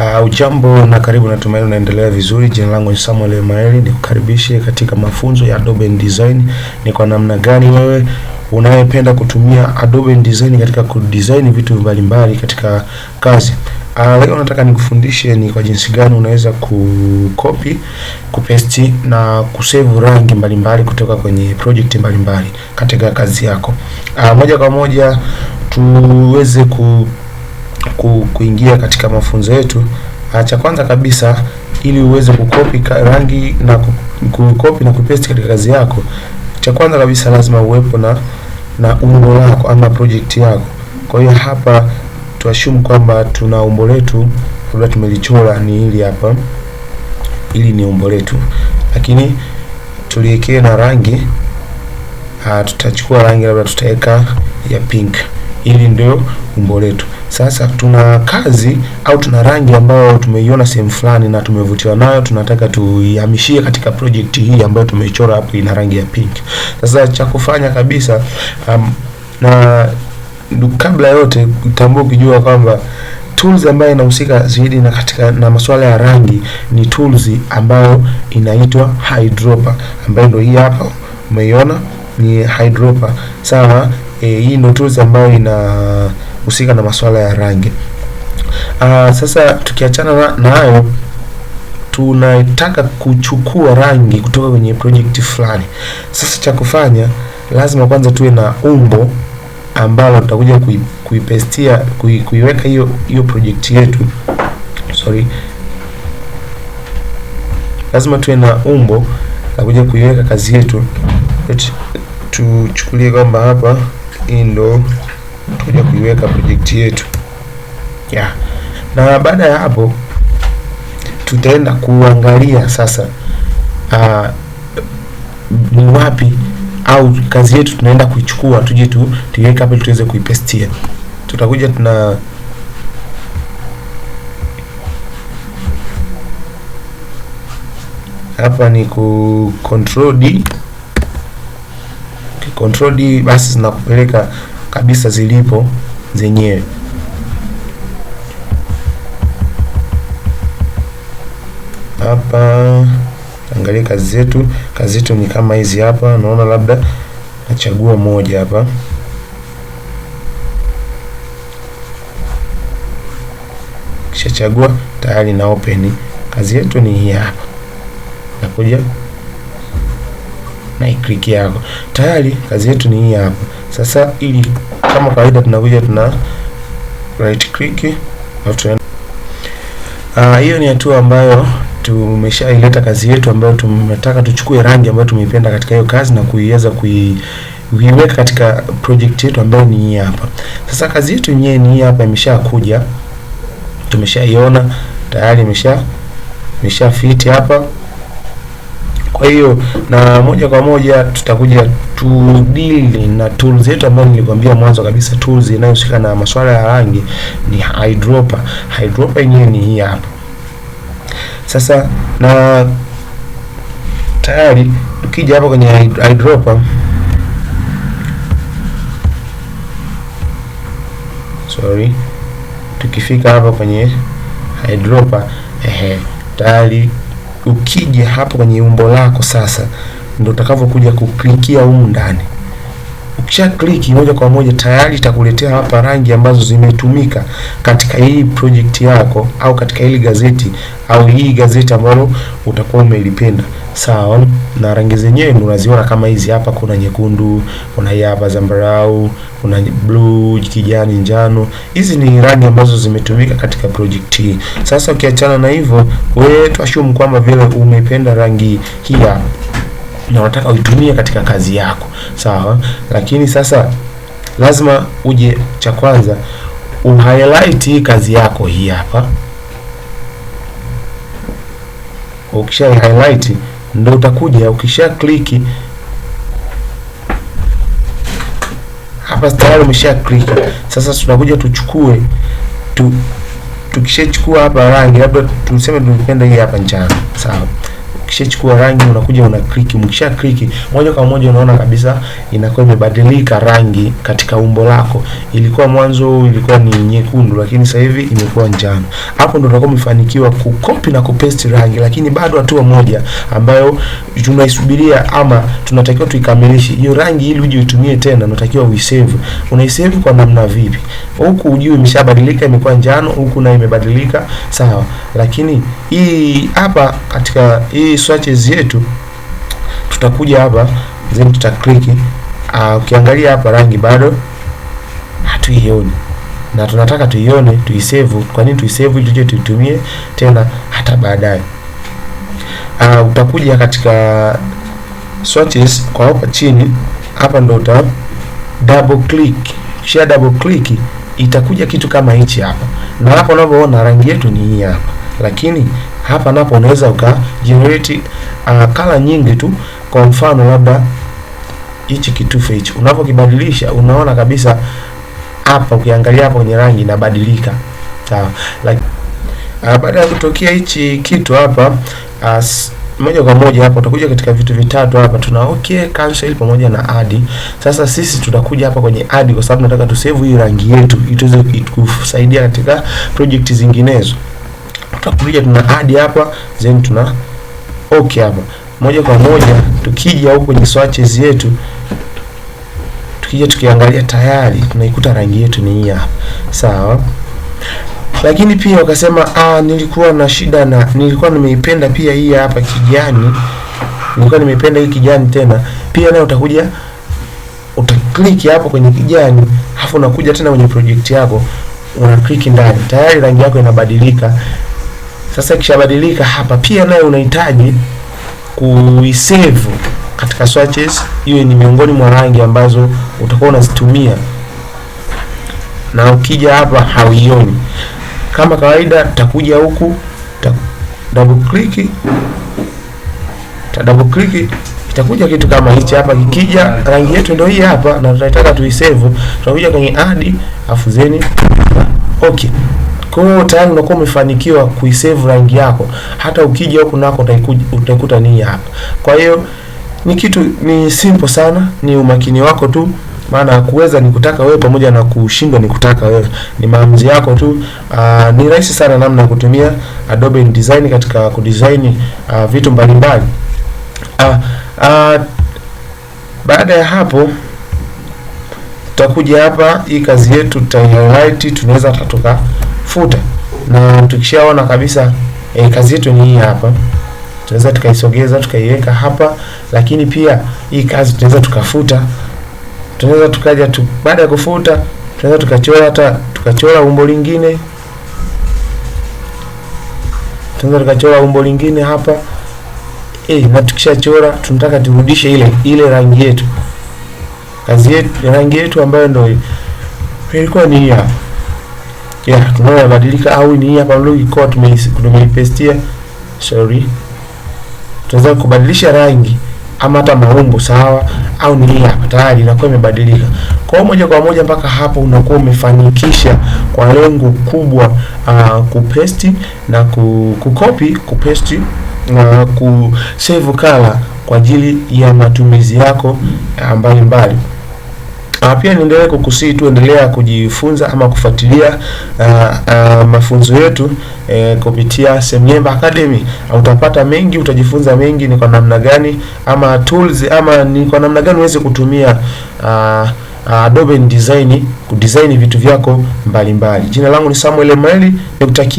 Ah, ujambo uh, na karibu, natumaini unaendelea vizuri. Jina langu ni Samuel Emaeli, nikukaribishe katika mafunzo ya Adobe InDesign. Ni kwa namna gani wewe unayependa kutumia Adobe InDesign katika kudesign vitu mbalimbali katika kazi. Uh, leo nataka nikufundishe ni kwa jinsi gani unaweza kukopi, kupesti na kusevu rangi mbalimbali mbali kutoka kwenye project mbalimbali mbali katika kazi yako. Uh, moja kwa moja tuweze ku kuingia katika mafunzo yetu, ah, cha kwanza kabisa ili uweze kukopi rangi na kukopi na kupaste katika kazi yako, cha kwanza kabisa lazima uwepo na na umbo lako ama project yako. Kwa hiyo hapa tuashumu kwamba tuna umbo letu labda tumelichora ni hili hapa, ili ni umbo letu, lakini tuliwekee na rangi ah, tutachukua rangi labda tutaweka ya pink, ili ndio umbo letu. Sasa tuna kazi au tuna rangi ambayo tumeiona sehemu fulani na tumevutiwa nayo, tunataka tuihamishie katika project hii ambayo tumeichora hapo, ina rangi ya pink. Sasa cha kufanya kabisa, um, na kabla yote utambue ukijua kwamba tools ambayo inahusika zaidi na katika na masuala ya rangi ni tools ambayo inaitwa Eyedropper ambayo ndio hii hapa umeiona, ni Eyedropper sawa. E, hii ndio tools ambayo ina kuhusika na masuala ya rangi. Aa, ah, sasa tukiachana nayo na tunataka kuchukua rangi kutoka kwenye project fulani. Sasa cha kufanya lazima kwanza tuwe na umbo ambalo tutakuja kuipestia kui, kuiweka hiyo hiyo project yetu. Sorry. Lazima tuwe na umbo la kuja kuiweka kazi yetu. Tuchukulie kwamba hapa hii ndo kuja kuiweka project yetu yeah. Na baada ya hapo tutaenda kuangalia sasa uh, ni wapi au kazi yetu tunaenda kuichukua tuje tu tuiweke hapo tuweze kuipestia. Tutakuja tuna hapa ni ku control D, control D basi zinakupeleka kabisa zilipo zenyewe. Hapa angalia kazi zetu, kazi zetu ni kama hizi hapa. Naona labda nachagua moja hapa Chagua tayari na open. Kazi yetu ni hii hapa, nakuja na click yako. Tayari kazi yetu ni hii hapa. Sasa ili kama kawaida tunakuja tuna right click after ah, hiyo ni hatua ambayo tumeshaileta kazi yetu ambayo tumetaka tuchukue rangi ambayo tumeipenda katika hiyo kazi na kuiweza kuiweka katika project yetu ambayo ni hii hapa. Sasa kazi yetu yenyewe ni hii hapa, imeshakuja tumeshaiona tayari, imesha imesha fit hapa. Kwa hiyo na moja kwa moja tutakuja tudili na tools yetu ambayo nilikwambia mwanzo kabisa, tools inayohusika na masuala ya rangi ni eyedropper. Eyedropper yenyewe ni hii hapa sasa, na tayari tukija hapa kwenye eyedropper sorry, tukifika hapa kwenye eyedropper ehe, tayari ukija hapo kwenye umbo lako sasa, ndio utakavyokuja kuklikia humu ndani. Ukisha click moja kwa moja tayari itakuletea hapa rangi ambazo zimetumika katika hii project yako au katika hili gazeti au hii gazeti ambalo utakuwa umelipenda. Sawa, na rangi zenyewe unaziona kama hizi hapa, kuna nyekundu, kuna hii hapa zambarau, kuna blue, kijani, njano. Hizi ni rangi ambazo zimetumika katika project hii. Sasa ukiachana na hivyo, wewe tuashumu kwamba vile umependa rangi hii hapa na unataka uitumie katika kazi yako, sawa. Lakini sasa lazima uje, cha kwanza uhighlight hii kazi yako hii hapa. Ukisha highlight ndio utakuja, ukisha kliki hapa tayari umesha kliki. Sasa tunakuja tuchukue tu, tukishachukua hapa rangi, labda tuseme tunapenda hii hapa njano, sawa. Kishachukua rangi unakuja una click, mkisha click moja kwa moja unaona kabisa inakuwa imebadilika rangi katika umbo lako. Ilikuwa mwanzo ilikuwa ni nyekundu, lakini sasa hivi imekuwa njano. Hapo ndo tunakuwa tumefanikiwa kukopi na kupaste rangi, lakini bado hatua moja ambayo tunaisubiria ama tunatakiwa tuikamilishe hiyo rangi, ili uje utumie tena, unatakiwa uisave. Unaisave kwa namna vipi? Huku ujue imeshabadilika imekuwa njano, huku na imebadilika sawa, lakini hii hapa katika hii hii swatches yetu, tutakuja hapa then click Uh, ah, ukiangalia hapa rangi bado hatuioni na tunataka tuione, tuisave. Kwa nini tuisave? Ili tuje tuitumie tena hata baadaye. Uh, utakuja katika swatches kwa hapa chini hapa ndo uta double click, kisha double click itakuja kitu kama hichi hapa, na hapo unavyoona rangi yetu ni hii hapa, lakini hapa napo unaweza uka generate uh, kala nyingi tu. Kwa mfano labda hichi kitufe hichi unapokibadilisha, unaona kabisa hapa, ukiangalia hapa kwenye rangi inabadilika, sawa. Like, uh, baada ya kutokea hichi kitu hapa uh, moja kwa moja hapa utakuja katika vitu vitatu hapa, tuna okay, cancel pamoja na add. Sasa sisi tutakuja hapa kwenye add, kwa sababu nataka tusave hii rangi yetu, ituweze kutusaidia katika project zinginezo tutakuja tuna add hapa then tuna okay hapa moja kwa moja. Tukija huko kwenye swatches yetu, tukija tukiangalia, tayari tunaikuta rangi yetu ni hii hapa, sawa. Lakini pia wakasema ah, nilikuwa na shida na nilikuwa nimeipenda pia hii hapa kijani, nilikuwa nimeipenda hii kijani tena. Pia nayo utakuja utaklik hapo kwenye kijani, alafu unakuja tena kwenye project yako una ndani, tayari rangi yako inabadilika sasa ikishabadilika hapa, pia naye unahitaji kuisave katika swatches, iwe ni miongoni mwa rangi ambazo utakuwa unazitumia, na ukija hapa hauioni kama kawaida. Tutakuja huku ta double click, ta double click itakuja kitu kama hichi hapa. Kikija rangi yetu ndio hii hapa, na tunataka tuisave, tunakuja kwenye add afu zeni okay. Kwa hiyo tayari unakuwa umefanikiwa kuisave rangi yako, hata ukija huko nako utaikuta ni hapa. Kwa hiyo ni kitu ni simple sana, ni umakini wako tu maana kuweza ni kutaka wewe pamoja na kushindwa ni kutaka wewe, ni maamuzi yako tu. Aa, ni rahisi sana namna ya kutumia Adobe InDesign katika kudesign uh, vitu mbalimbali. Baada ya hapo tutakuja hapa, hii kazi yetu tuta highlight, tunaweza tuka futa, na tukishaona kabisa e, kazi yetu ni hii hapa, tunaweza tukaisogeza tukaiweka hapa, lakini pia hii kazi tunaweza tukafuta, tunaweza tukaja tu, baada ya kufuta tunaweza tukachora hata tukachora umbo lingine, tunaweza tukachora umbo lingine hapa e, na tukishachora tunataka turudishe ile ile rangi yetu, kazi yetu, rangi yetu ambayo ndio ilikuwa ni hapa yeah, tunaona yabadilika au ni hapa logi iko tumeipestia. Sorry, tunaweza kubadilisha rangi ama hata maumbo sawa, au ni hii hapa tayari inakuwa imebadilika. Kwa hiyo moja kwa moja mpaka hapo unakuwa umefanikisha kwa lengo kubwa, uh, ah, kupesti na kukopi, kupesti na ah, kusave color kwa ajili ya matumizi yako ah, mbalimbali mbali. Ah, pia niendelee kukusii tu endelea kujifunza ama kufuatilia ah, ah, mafunzo yetu uh, kupitia Semyemba Academy. Utapata mengi, utajifunza mengi, ni kwa namna gani ama tools ama ni kwa namna gani uweze kutumia uh, Adobe InDesign kudesign vitu vyako mbalimbali. Jina langu ni Samuel Maeli, nikutakia